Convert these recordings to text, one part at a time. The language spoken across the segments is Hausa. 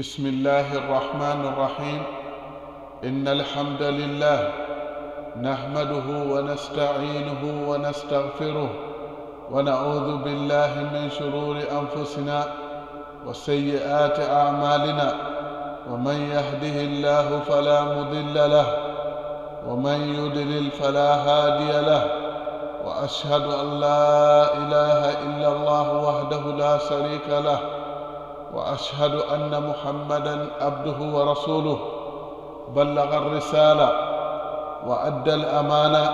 بسم الله الرحمن الرحيم إن الحمد لله نحمده ونستعينه ونستغفره ونعوذ بالله من شرور أنفسنا وسيئات أعمالنا ومن يهده الله فلا مضل له ومن يضلل فلا هادي له وأشهد أن لا إله إلا الله وحده لا شريك له واشهد ان محمدا عبده ورسوله بلغ الرساله وادى الامانه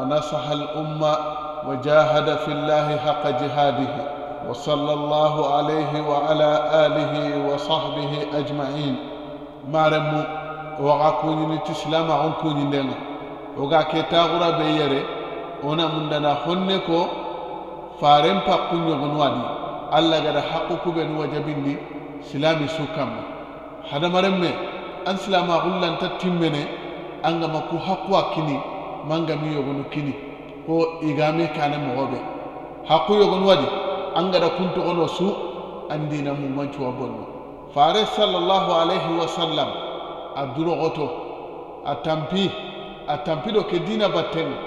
ونصح الامه وجاهد في الله حق جهاده وصلى الله عليه وعلى اله وصحبه اجمعين مارم وغا تسلم عن لنا وغا تاغرا بيري ona mundana honne ko faren pakkun yogon allah gada kube nu wajabindi silami sukkanma hadamaren me an silama xullanta timmene angama ku haqu a kini mangami yogonu kini ko igame kane moxoɓe haqu yogonu wadi an gada kuntoxono su an dina mumancuwa bonno fare sallallahu alaihi wa sallam a duroxoto a tampi a tampiɗo ke dina battenga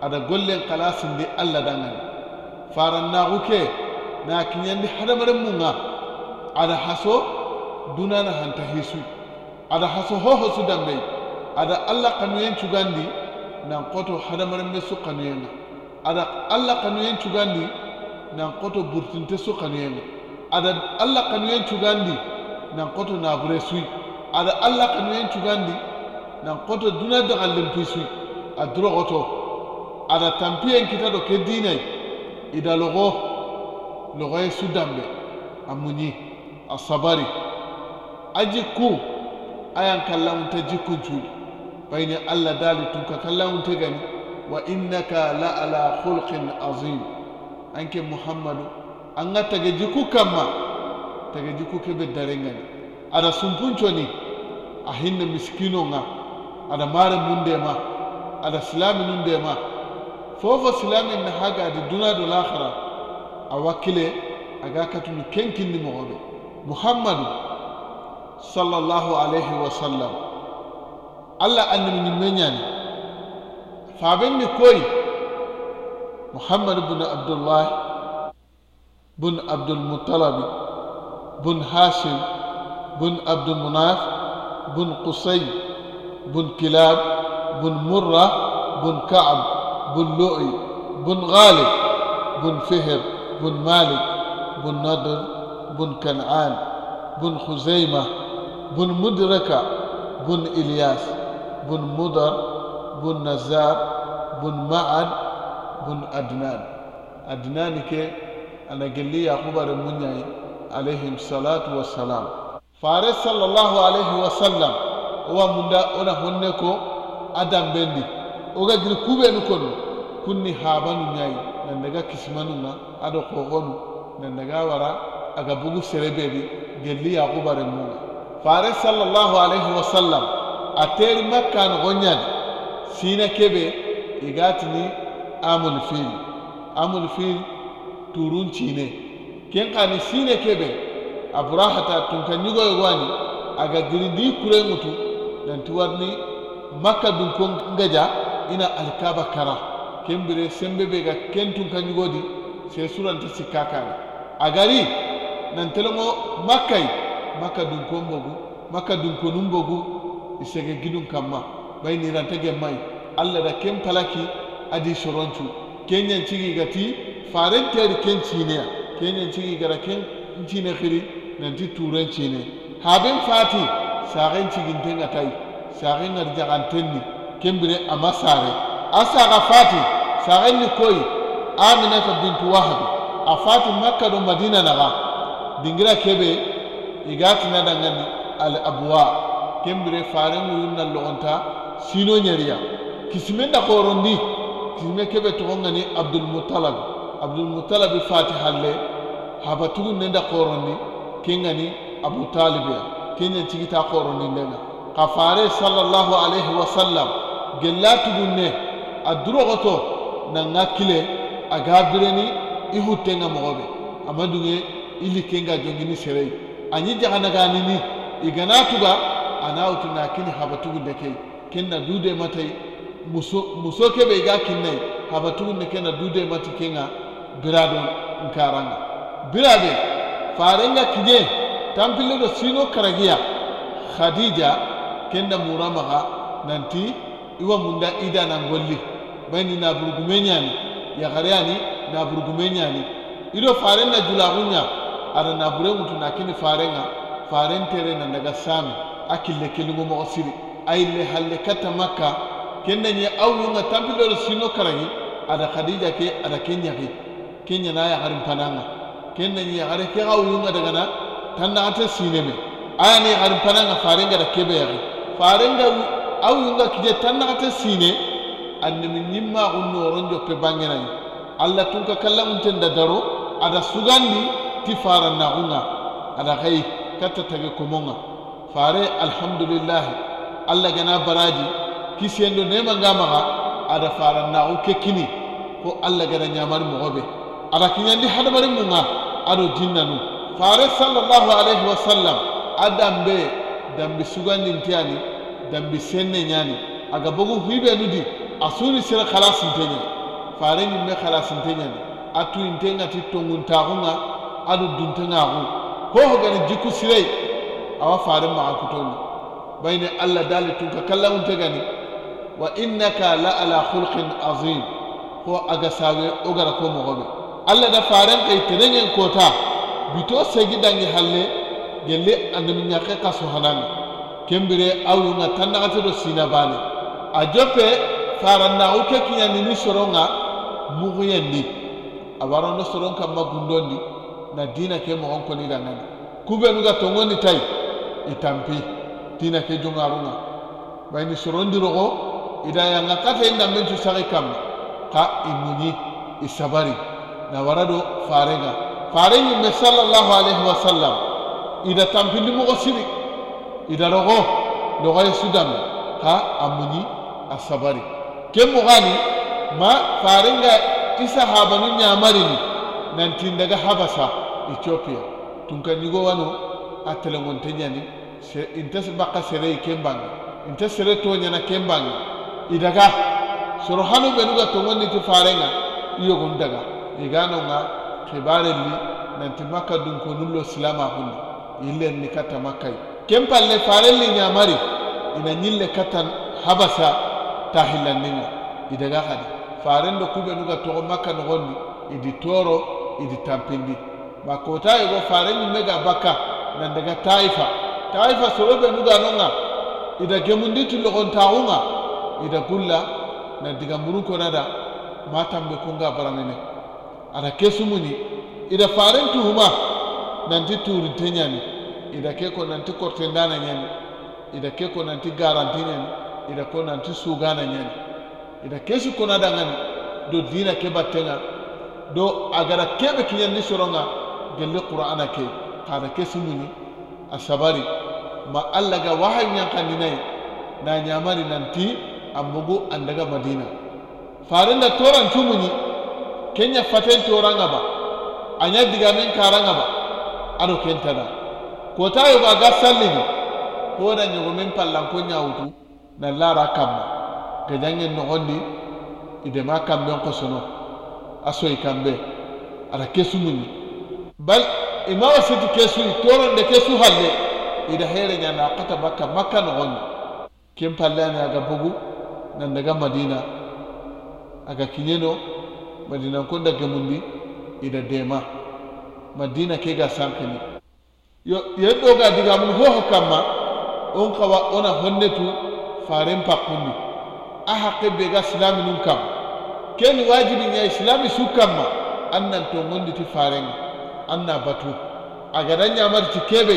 aɗa gollen kalasindi allah dangani faran ke na kinyandi hadamaren munga ada haso na hanta hisu ada haso ho su dambe ada allah kanuyen cugandi nan koto hadamaren me su kanuyenga ada allah kanuyen cugandi nan koto burtinte su kanuyenga ada allah kanuyen cugandi nan koto na bure sui ada allah kanuyen cugandi nan koto duna dagallenpi sui a durogoto ada tampien kita do ke dinai idalogo logoye su dambe a munyi a sabari a jikku ayan kallon ta jikku juli bai ne allah dalitun ka kallon ta gani wa innaka la'ala hulkin azim an ke muhammadu an ga taga jikku kamma taga jikku ke dare gani a da sumpunco ne a hinna miskino nga a da mara mun ma a da silamin da ma fofo silamin na haga da duna da lahara awakile wakkile aga katuni kenkindi mogoɓe muhammadu sallallahu alayhi wa sallam alla allah annimi ñimme faben faɓenni koyi muhammadu bun abdullah bun abdulmutalabi bun hashim bun abdulmunaf bun qusay بن كلاب بن مرة بن كعب بن لؤي بن غالب بن فهر بن مالك بن نضر بن كنعان بن خزيمة بن مدركة بن إلياس بن مضر بن نزار بن معد بن أدنان أدنان كي أنا قل لي أخبر مني عليهم الصلاة والسلام فارس صلى الله عليه وسلم هو من دا أنا هنكو أدم بندي وقال كوبين كنو kunni habanu ñayi nandaga kismanunga aɗo qoxonu nandaga wara aga bugu sereɓeɓi gelli yaxubare munga fare sallallahu alaihi wa sallam a teri makkan goñadi sina kebe igatini amul fil amul fil turuncine ken kani sine keɓe aburahata tunka ñugoyogowani aga girindi kurenŋutu nanti warni makka dun ko ngaja ina alkaba kara kembire sembe be ga kentun kanjugodi se suranta sikka kane agari nantelongo makkay makka dunkon bogu makka dunkonun bogu isege gidun kamma bay nirantage mai allah da ken palaki adi soroncu kenyan cigi gati faren teri ken cineya kenyan cigi gara ken cine xiri nanti turen cine haben fati saxen ciginten a tay saxen arjaxanten ni kembire ama sare Asa ga fati koi koyi ta bintu wahabi a fati makka don madina ba dingira kebe igatina dangani al abwa kembire na logonta sino ñeriya da korondi kisime kebe togongani abdulmutalab abdulmutalabi fati halle ne da korondi ngani abu talibiya kenyen cigita korondi ndenga ka fare sallallahu alaihi wasallam gella ne. a na nga kile aga bireni i huttenga mogoɓe ama duge i likkenga jongini serei añi jaganaganini gana tuga wutu na kini habatugunde kei na dude matai muso muso keɓe iga kinnai ken na dude mati kenga biraɗo nkaranga biraɓe farenga tampile do sino karagiya khadija kenda muramaga nanti iwa munda ida nan golli bani na burugume ñani yagareyani na burugume ñani ido faren na julaxu ña ada na bure ŋutu na kini farenŋa faren tere na daga sami a kille kelingo moxo siri a yille halle kata makka ken dañe awunga tampilolo sino karaŋi ada khadija ke ada ke ñaxi ke ñana yaxarin pananga ken dañe yaxare ke xa wuyunga dagana tan naxate sineme ayani yaxarin pananga farenga da kebe yaxi farenga awunga kije tan naxate sine annimi ñimmaxun nooron joppe bangenayi allah tun ka kallamunten da daro ada sugandi ti farannaxunga ada xayi katta tage komonga fare alhamdulillah allah gana baraji kisiyendo nemanga maxa ada farannaxu ke kini ko allah gana ñamari moxoɓe ada kiñandi hadamari ado aɗo jinnanu fare sallallahu alaihi wa sallam a dambe dambi sugandintiyani dambi senne ñani aga bogu hiɓenu di A suni sira khalasintenya farenyi me khalasintenya atu intenga ti tonguntaxunga adu ko hoho gani jikku sirei awa faren ne, kutondi bayne allah dali tun ka kallawunte gani wa innaka la ala khulqin azim ko aga sawe o gara ko mogoɓe allah da faren kay tenengen kota bito segi dangi halle gelle ka ñake kaso hananga kembire na tan naxati do sina bane a jope karanna u ke kiɲanini soronga muguyendi abarondo soron kanma gundondi na dina ke mogon koni dangani kubenu ga tongondi tai itampi dina ke jongarunga ni sorondi rogo idayanga kata i ndambencu sagi kamma ka imuɲi i sabari na warado farenga fare ñimme sallallahu alaihi wasallam ida tanpindi mogo siri ida rogo logoye sudambe ka a muɲi a sabari ken gani ma farenga isa ñamarini nantin nantindaga habasa ethiopia tunka wano a telengonte ñani inta bakka serei ken bange inta sere toñana ken bange i daga soro hanu benuga tongonniti farenga iyogun daga iganonga kibarelli nanti makka nullo silama hunde ni katta makkayi ken palle farelli nyamari ina ñille kattan habasa tahillanninga idaga hadi farendo kube nuga togo makka nogondi idi toro idi tampindi ma kota ego fare ñimme ga bakka nan daga taifa taifa soroɓe nuga nonga ida gemundi tillogontaxunga ida gulla na diga murun konada ma tambe kunga baranene ada ke sumuni ida faren huma nanti turinte ñani ida ke ko nanti kortendana ñani ida ke ko nanti garanti ida ko nanti sugana ñani ida kesi kona dangani do dina ke battenga do agara kebe kiñanni soronga gelle qur'ana ke kana kesu sumuñi a sabari ma alla ga wahay ñankandi nayi na ñamari nanti a mogu andaga madina farenda toran cumuñi kenya faten toranga ba anya digamen karanga ba ado kentana kota yoga ga sallini ko da nyugo min pallan ko nyawutu na lara kamma ke jangen nogondi idema kamben kosono asoyi kambe ada kesu muñi bal imawa siti kesu I toronde kesu halle ida here ñana kata bakka makka nogondi ken pallani aga bugu nan daga madina aga kiñeno madina kon dagge mundi ida dema madina ke ga sankini yo yeddo ga diga mun hoho kamma on kawa ona honnetu faren pakkundi a haqqe be ga silami nun kam ken wajibi nya islami su kamma annan to gondi ti faren anna batu agada mar ti kebe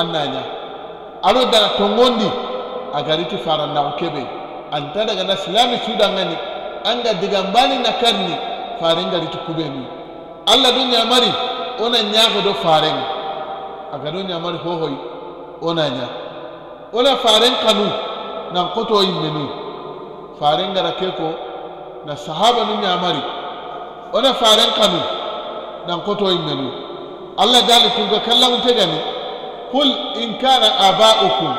anna nya alo daga to gondi ri ti faran na kebe anta daga na silami su dangani anga diga mbani na karni faren ri ti kube kubenu alla dun nyamari ona nyaga do faren agado nyamari hohoy ona nya ona faren kanu nan koto yimmeni faren gara ke na sahaba nu ñamari ona faren kanu nan wa yimmeni allah dali tunga kallamunte gani قل إن كان آباؤكم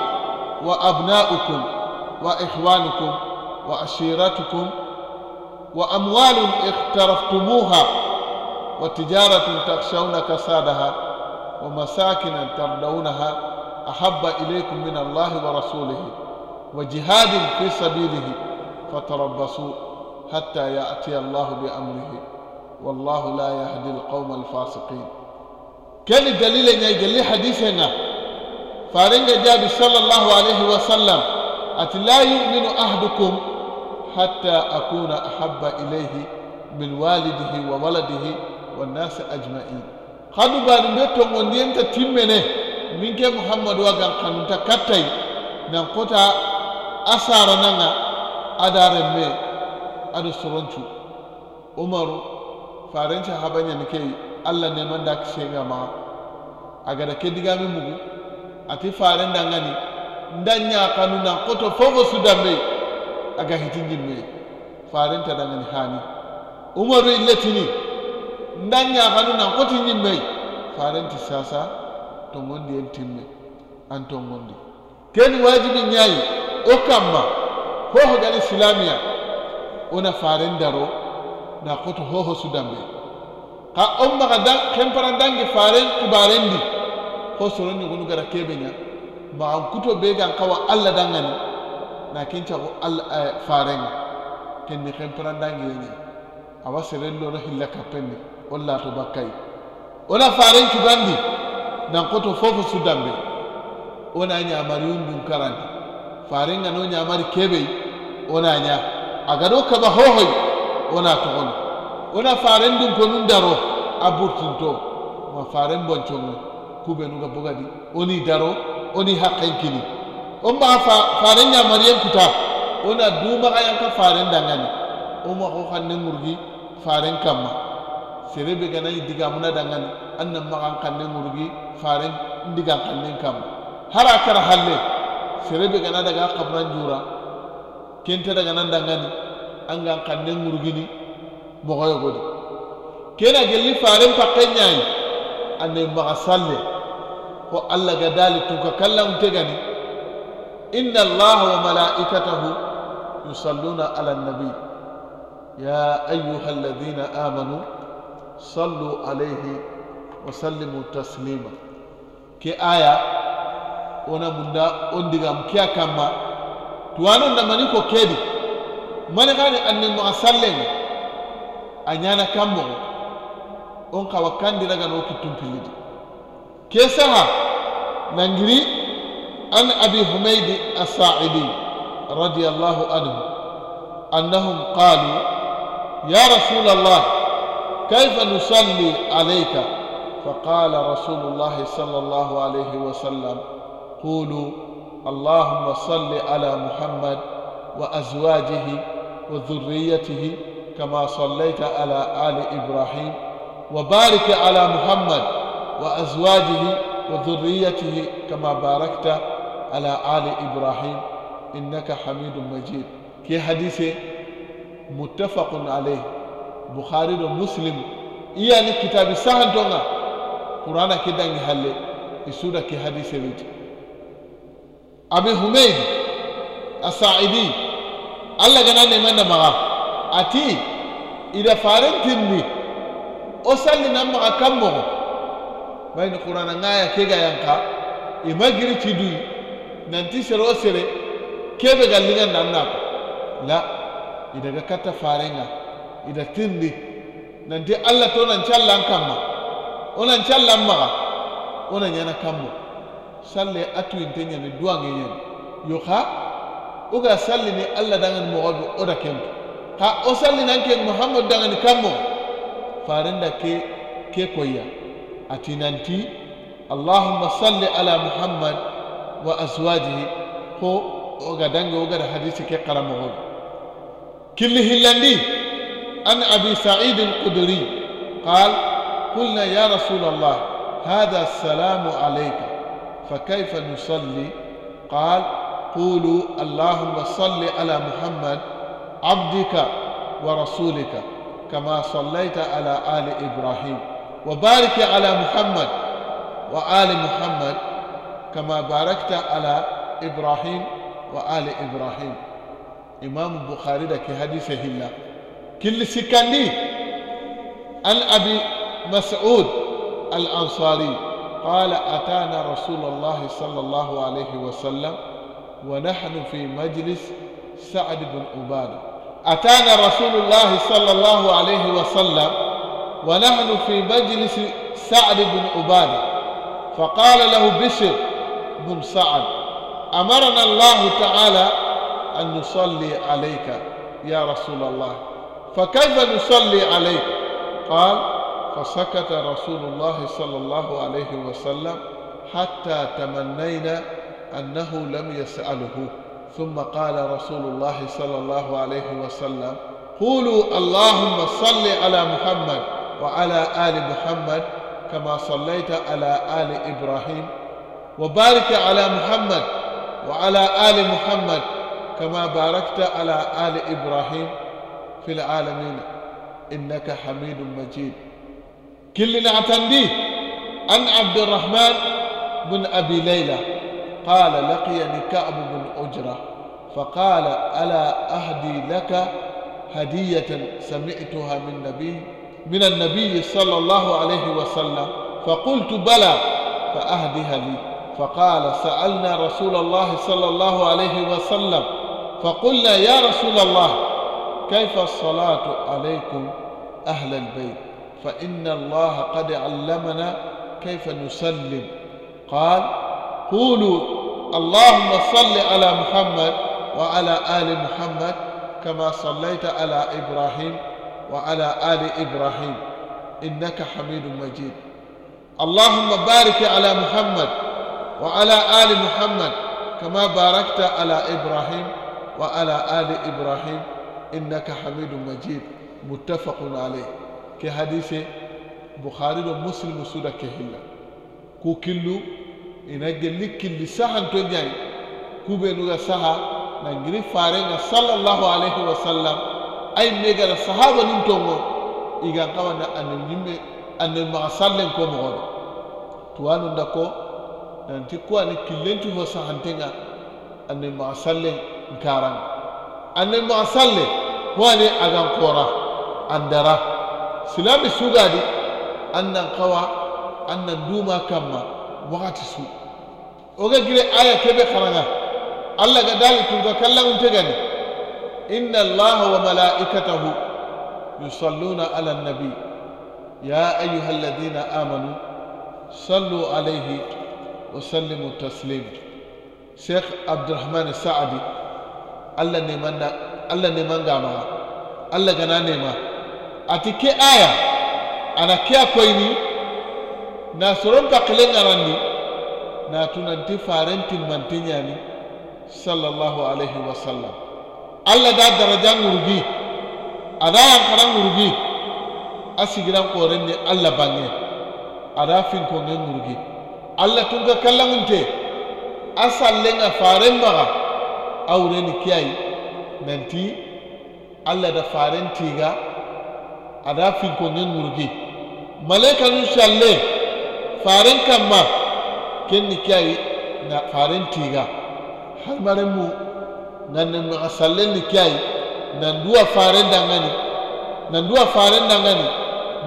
وأبناؤكم وإخوانكم وعشيرتكم وأموال اقترفتموها وتجارة تخشون كسادها ومساكن ترضونها أحب إليكم من الله ورسوله وجهاد في سبيله فتربصوا حتى يأتي الله بأمره والله لا يهدي القوم الفاسقين كان دليل أن يجلي حديثنا فارنج جاب صلى الله عليه وسلم أت لا يؤمن أحدكم حتى أكون أحب إليه من والده وولده والناس أجمعين قالوا بارن بيتهم وندين تتمنه منك محمد وقال قانون تكتي نقطع asara nanga adare me adu soroncu umaru farenci habanyan ke allah manda da kisega ma a ke diga mi mugu ati faren dangani ndanya kanuna koto fogo sudambe aga hitinjin me faren ta dangani hani umaru illetini ndanya kanuna yin me faren ti sasa tongondi en timme an tongondi ken wajibi ñayi wo kamma hoho gani silamiya una faren daro na koto hoho dambe ka on maga da kempara dangi faren ko ho ni gunu gara kebe nya ba an kuto be gan kawa alla dangani na kenca ko alla eh, faren kenni kempara dangi yenya awa serello no hilla kapenni walla to bakkai wona faren kibandi fofu su dambe ona nya mariun dun karanta farenga no ñamari keɓey wona ña agado kaba hohoy wona togono wona faren dun ko nun daro a burtinto ma faren bonconga kuɓe nuga bogadi oni daro oni haqqen kini on fa faren ñamari yen kuta wona dumaxa yanka faren dangani o maxo xan ne faren kamma serebe muna digamuna dangani an nan maxan xan ne ngurgi faren ndigan xan nen kamma hara kar halle serebe gana daga kabran jura kenta daga nan dangani an gan kanne ngurgini mogoyo godi kena gelli faren pakke anne maga salle ko allah ga dali ka kallam gani inna allah wa malaikatahu yusalluna ala nabi ya ayyuhal ladina amanu sallu alayhi wa sallimu taslima ke aya wona munda on digam kiya kamma tuwano ndangani ko kedi mani gani annen maga sallenga a ñana kammogo on kawa kandiragano wo kittum pillidi ke saha nangiri an abi humaydi asaidi radiallahu anhu annahum qalu يا رسول الله كيف نصلي عليك فقال رسول الله صلى الله عليه وسلم قولوا اللهم صل على محمد وأزواجه وذريته كما صليت على آل إبراهيم وبارك على محمد وأزواجه وذريته كما باركت على آل إبراهيم إنك حميد مجيد كي حديث متفق عليه بخاري ومسلم إيا يعني كتاب سهل دونا قرآن كده هل السوره كي حديث abi humaid asaidi alla gana neman da maga ati ida farin tinni o salli nan maga kan mogo bayni qur'ana ngaya ke ga yanka ima giri ci duyi nanti sere o sere kebe gallingan nan na la ida ga katta farenga ida tinni nanti alla to nan callan kamma onan callan maga onan yana kammo salle atu intenya ni dua yen yo kha uga salle ni alla dangan mo wadu oda kento ha o salle nan ken muhammad dangan kammo farenda ke ke koya ati nanti allahumma salli ala muhammad wa azwajihi ko oga dangi oga da hadisi ke karamo kili hilandi an abi sa'id al-qudri قال قلنا يا رسول الله هذا السلام عليك فكيف نصلي قال قولوا اللهم صل على محمد عبدك ورسولك كما صليت على آل إبراهيم وبارك على محمد وآل محمد كما باركت على إبراهيم وآل إبراهيم إمام البخاري لك حديثه الله كل سكاني عن أبي مسعود الأنصاري قال أتانا رسول الله صلى الله عليه وسلم ونحن في مجلس سعد بن عبادة أتانا رسول الله صلى الله عليه وسلم ونحن في مجلس سعد بن عبادة فقال له بشر بن سعد أمرنا الله تعالى أن نصلي عليك يا رسول الله فكيف نصلي عليك قال فسكت رسول الله صلى الله عليه وسلم حتى تمنينا أنه لم يسأله ثم قال رسول الله صلى الله عليه وسلم قولوا اللهم صل على محمد وعلى آل محمد كما صليت على آل إبراهيم وبارك على محمد وعلى آل محمد كما باركت على آل إبراهيم في العالمين إنك حميد مجيد كل نعتنديه عن عبد الرحمن بن أبي ليلى قال لقيني كعب بن أجرة فقال ألا أهدي لك هدية سمعتها من نبي من النبي صلى الله عليه وسلم فقلت بلى فأهدها لي فقال سألنا رسول الله صلى الله عليه وسلم فقلنا يا رسول الله كيف الصلاة عليكم أهل البيت فإن الله قد علمنا كيف نسلم قال قولوا اللهم صل على محمد وعلى آل محمد كما صليت على إبراهيم وعلى آل إبراهيم إنك حميد مجيد اللهم بارك على محمد وعلى آل محمد كما باركت على إبراهيم وعلى آل إبراهيم إنك حميد مجيد متفق عليه ke hadise bukhari ɗo muslim suda ke hilla ku killu ina gelli killi to sahanto ñayi kuɓenuga saha na nangiri farenga sallallahu alayhi wa sallam ay megara sahaba nin tongo igan na anen yimɓe annen maxa sallen ko moxoɗo tuwanunda ko nanti ku ani killencu fo sahantenga annen maxa sallen nkaranga annen maxa salle ho ani agan kora andara silami sugadi annan kawa annan duma kamma wakati su oga gire aya kebe karanga allah ga dali tunga kallan gani inna allaha wa malaikatahu yusalluna ala nabi ya ayyuhal ladina amanu sallu alayhi wa sallimu taslim sheikh abdurrahman sa'adi allah ne manna allah ne manga ma allah gana ne ma ati ke aya ana ke a koyini na soronta kilengarandi faren farentimmanti ñani sallallahu alayhi wa sallam allah da daraja ŋurugi ada yankara ŋurugi a sigiran koren ni allah bange ada finkonge ŋurugi allah tunka kallaŋunte a sallenga faren baga a wureni kiyayi nanti allah da faren tiga ada finkonden nurge malaikanu shalle faren ma kenni kiyayi na faren tiga halmaren mu nannaga farin da ngani faren dangani farin faren dangani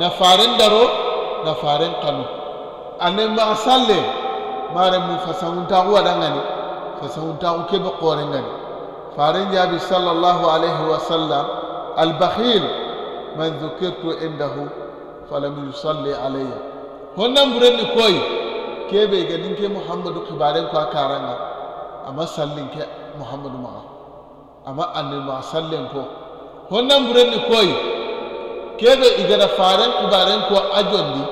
na faren daro na faren kanu anen maga salle maren mu fasanguntaguwa dangani ba kebe ngani faren jabi sallallahu alaihi wasallam albahil man dhukirtu indahu falam yusalli alayya honnan burenni koy kebe ga ninke muhammadu kibaren ko karanga amma sallin ke muhammadu ma amma annabi ma sallin ko honnan burenni koy kebe igara faren kibaren ko ajondi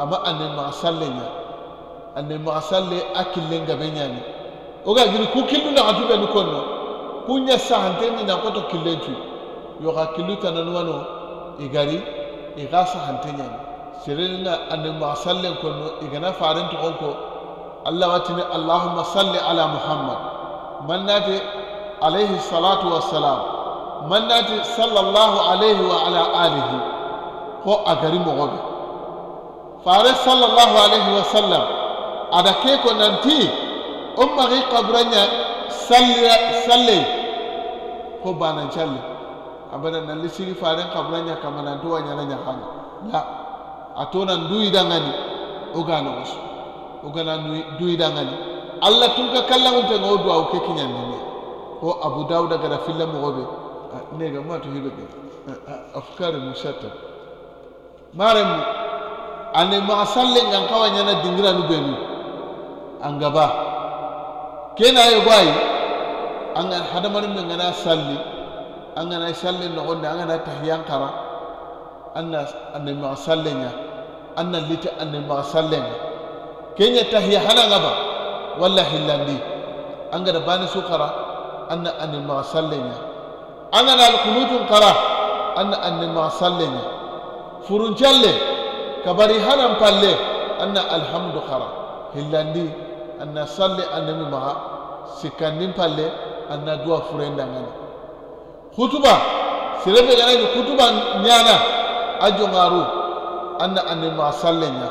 amma annabi ma sallin ya annabi ma salle akillen gaben ya ne oga giri ku killu na atube ni konno kunya sahante ni na koto killentu yo ka killu tananwano igari iga sahantenya ma an masallin kunno igana farin to onko Allah watini Allahumma salli ala Muhammad mannati alayhi salatu wassalam mannati sallallahu alayhi wa ala alihi ko agari gobe faris sallallahu alayhi wa sallam ada ke ko nanti umma ri qabranya salli salli ko banan challe abada na lisiri faren kabla nya kamana duwa nya nya hanya la atona ndui dangani ogana wasu ogana ndui dangani allah tun ka kalla unta ngo au o kekinya nene ko abu dauda gara filla mo gobe ah, ne ga ma to hibe be ah, ah, afkar mushatta mare mu ane ma salle ngan kawanya na dingira nu benu an gaba kenaye gwayi an hadamarin men gana salli An angana an nogonde angana tahiyan kara an na anna anne maga an na lita anne maga sallenga kenya tahiya gaba ba walla an gana bani su kara an na anna anne maga an gana alkunutun kara an na anna anne maga sallenga furuncalle kabari hanan palle na alhamdu kara hillandi anna salle anne maga sikkannin palle na duwa dangane. kutuba sirebe gana ni kutuba nyana ajo ngaru anna anne ma sallenya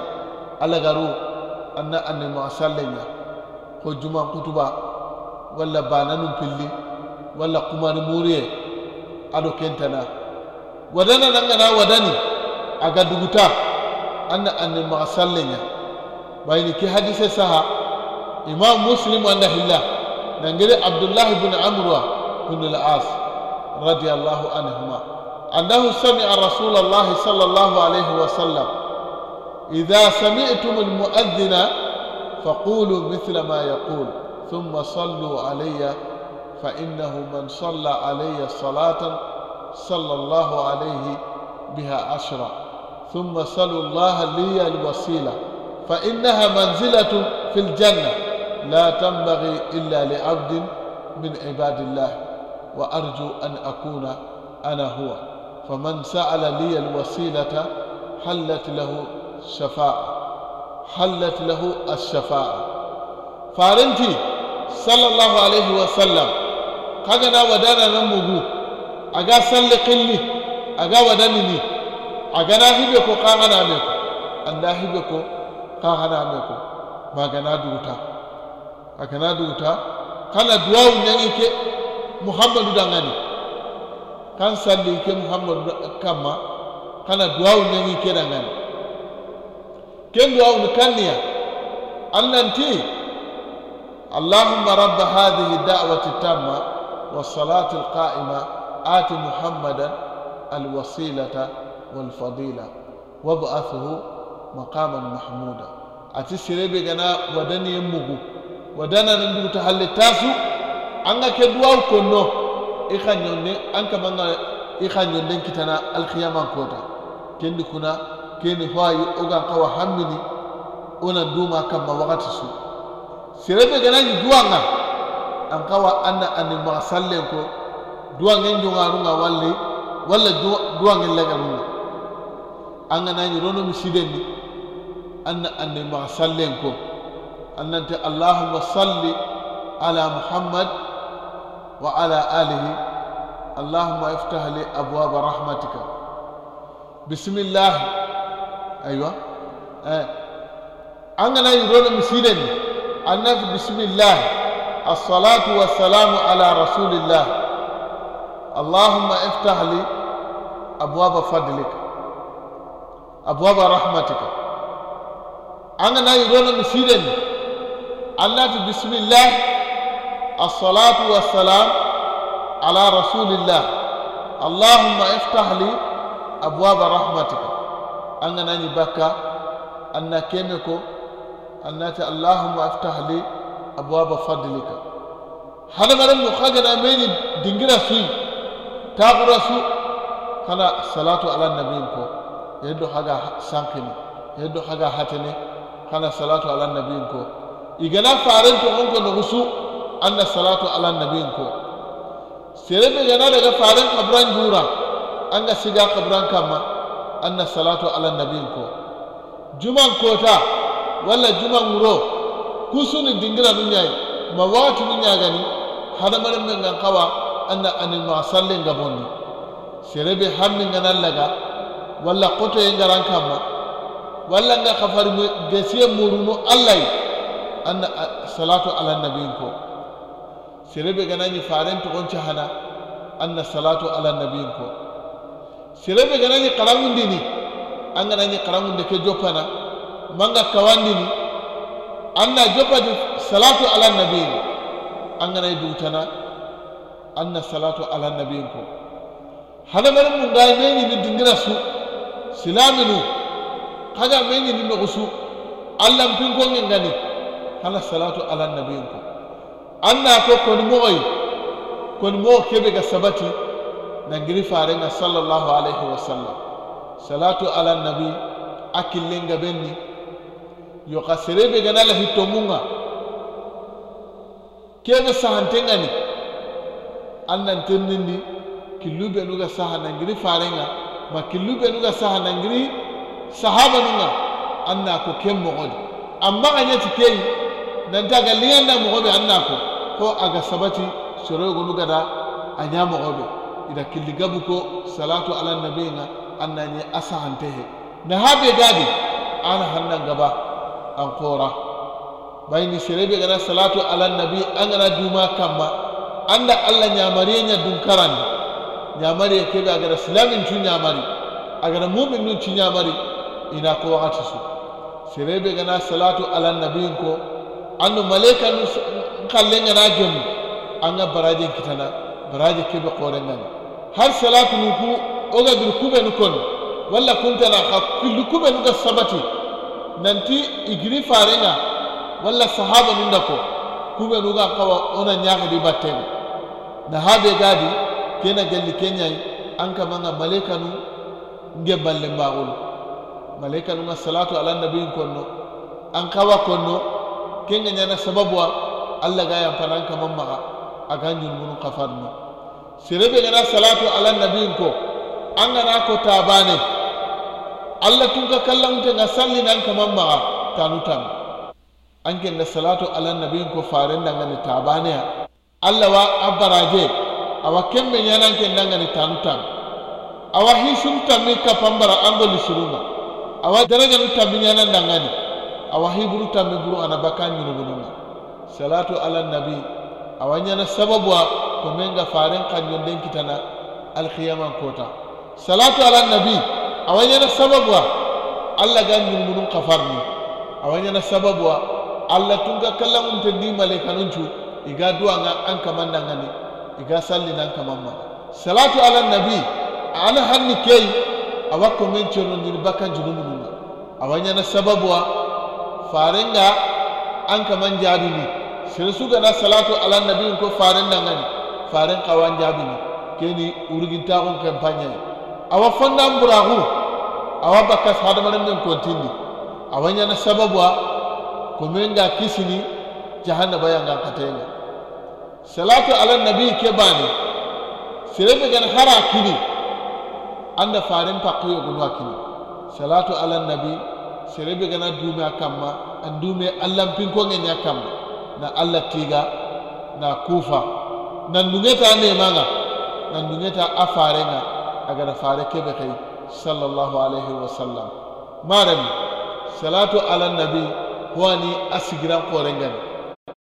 ala garu anna anne ma sallenya ko juma kutuba walla bananu pilli walla kumani muriye ado kentana wadana nangana wadani aga duguta anna anne ma sallenya bayni ki hadise saha imam muslim anna hillah nangere abdullah ibn amr ibn al-as رضي الله عنهما أنه سمع رسول الله صلى الله عليه وسلم إذا سمعتم المؤذن فقولوا مثل ما يقول ثم صلوا علي فإنه من صلى علي صلاة صلى الله عليه بها عشرة ثم صلوا الله لي الوسيلة فإنها منزلة في الجنة لا تنبغي إلا لعبد من عباد الله وأرجو أن أكون أنا هو فمن سأل لي الوسيلة حلت له الشفاعة حلت له الشفاعة فارنتي صلى الله عليه وسلم قدنا ودانا نمغو أغا سلقني قلي أغا ودانني أغا ناهبكو قاغنا ميكو الناهبكو قاعنا ميكو ما غنا دوتا أغا نا دوتا كان دواو نيكي muhammadu dangani kan salli ke muhammadu Kama. kana duwawu ne ke dangani ken duwawu ni kanniya annanti allahumma rabba hadhihi da'wati tamma wassalati alqa'ima ati muhammadan alwasilata walfadila wab'athuhu maqaman mahmuda ati sirebe gana wadani mugu wadana ndugu tahalli tasu an ga ke duwawu konno i xa ɲonde an kaman ga i xa ɲonden kitana alkiyaman kota kendi kuna keni hoayi o gan kawa hamini, ona duma ma wakati su ni duwa nga an kawa anna ani maxa sallen ko wale wale duwa walla lega lagarunga an ganañi rono an anna ani maxa sallen ko annante allahuma salli ala muhammad وعلى آله اللهم افتح لي أبواب رحمتك بسم الله أيوة آه. أنا لا يرون مسيرني أنك بسم الله الصلاة والسلام على رسول الله اللهم افتح لي أبواب فضلك أبواب رحمتك أنا لا يرون مسيرني أنك بسم الله الصلاة والسلام على رسول الله اللهم افتح لي أبواب رحمتك أنا ناني بكا أنا كيميكو أنا اللهم افتح لي أبواب فضلك هذا مرة مخاجر أميني دنجرة سوي تاغرة سوي هذا الصلاة على النبي يدو حاجة سانكني يدو حاجة هاتني هذا الصلاة على النبي إيجانا فارنتو أنكو نغسو An na salatu ala nabiyin ko serebe gana daga farin kabran jura an ga siga kabran kama na salatu ala nabiyin ko juman kota wala juman wuro kusuni dingira nun yayi ma watu nun ya gani hadamarin min gan kawa an anna anil ma sallin gabondi har hammin ganan laga wala kota yin garan kama wala nga kafar gasiye Allah, an anna salatu ala nabiyin ko yi ganagni farento gonca hana anna salatu ala nabiyin ko serebe ganagni karangundini an ganagni karangunde ke joppana manga kawandini anna joppadi salatu ala nabiyin an na dutana anna salatu ala nabiyin ko hadamarin mun ga ni dingira su silaminu kaga meñini nogo su allah mpinkongen gani hana salatu ala nabiyin ko anna to kon moy kon mo kebe ga sabati na giri fare na sallallahu alaihi sallam salatu ala nabi akillenga benni yo ka serebe ga na lahi to munga kebe sahantenga ni annan ni killube nuga saha na giri farenga ma killube nuga saha na giri sahaba nuga anna ko ken mogodi amma ga nyati kei nanta ga liyan na mogobe anna ko ko a ga sabati gunu gada a ɲamogoɓe ida killigabu ko salatu ala nabi na an na asa a sahante he na ha be gadi ana hannan gaba an kora bayni be gada salatu ala nabi an gana duma kamma da allah ɲamariye nya dunkarandi ɲamariye keɓe a gada silamin cu ɲamari a gada mumin tun ci ina ko wakati su be gana salatu ala nabi ko andu malaika nu kalle ngana jomi anga baraje kitana baraje kebe kore ngani har salatu nu ku oga dur kube nu kon walla kuntana ka kullu kube nu ga sabati nanti igiri farenga walla sahaba nu ndako kube nu ga kawa ona nyaaka di batten na habe gadi kena gelli kenyai anka manga malaika nu nge balle mbagulu malaika nu ga salatu ala nabiyin konno an kawa konno kenga ñana sababu a allah ga yampanan kaman maxa a ga ñulmunu kafarni bi gana salatu ala nabin ko an gana ko tabane allah tun ka kallanute salli nan kaman ma tanu tan an kenga salatu ala nabin ko ni tabane allah wa a baraje awa kembe nan ga ni tan awa hisun tamika pambara an go awa daraja tanmi ñanan dangani awa hiburu tambi buru ana baka ñunugununga salatu ala nabi awa ñana sababu wa ko men ga faren kanjon den kitana alkiyaman kota salatu ala nabi awa ñana sababu a allah ga ñunugunun kafarni awa ñana sababu wa allah tunga kallamunte ndi malaikanuncu iga duwanga an kamandangani iga kaman ma salatu ala nabi ana hanni kei awa ko men conondini bakkan junumununga awa ñana sababu a da an kaman jaabini su sugana salatu ala nabiyin ko nan ne farin kawan jaabini keni urugintaxun campagne awa fondan buraxu awa bakkas hadamaren men kontindi awa ñana sababu a komenga kisini jahannabayangan katayi salatu ala nabi ke ba ne, bani serebe gan hara kini da faren pakkuyo a kini salatu ala nabi serebe gana dume a kamma an dume allanpinkonge ña kamma na allah tiga na kufa nan dungeta na nan ta a aga na fare keɓe kai sallallahu alaihi wa sallam maram salatu ala nabi wani a sigiran korengani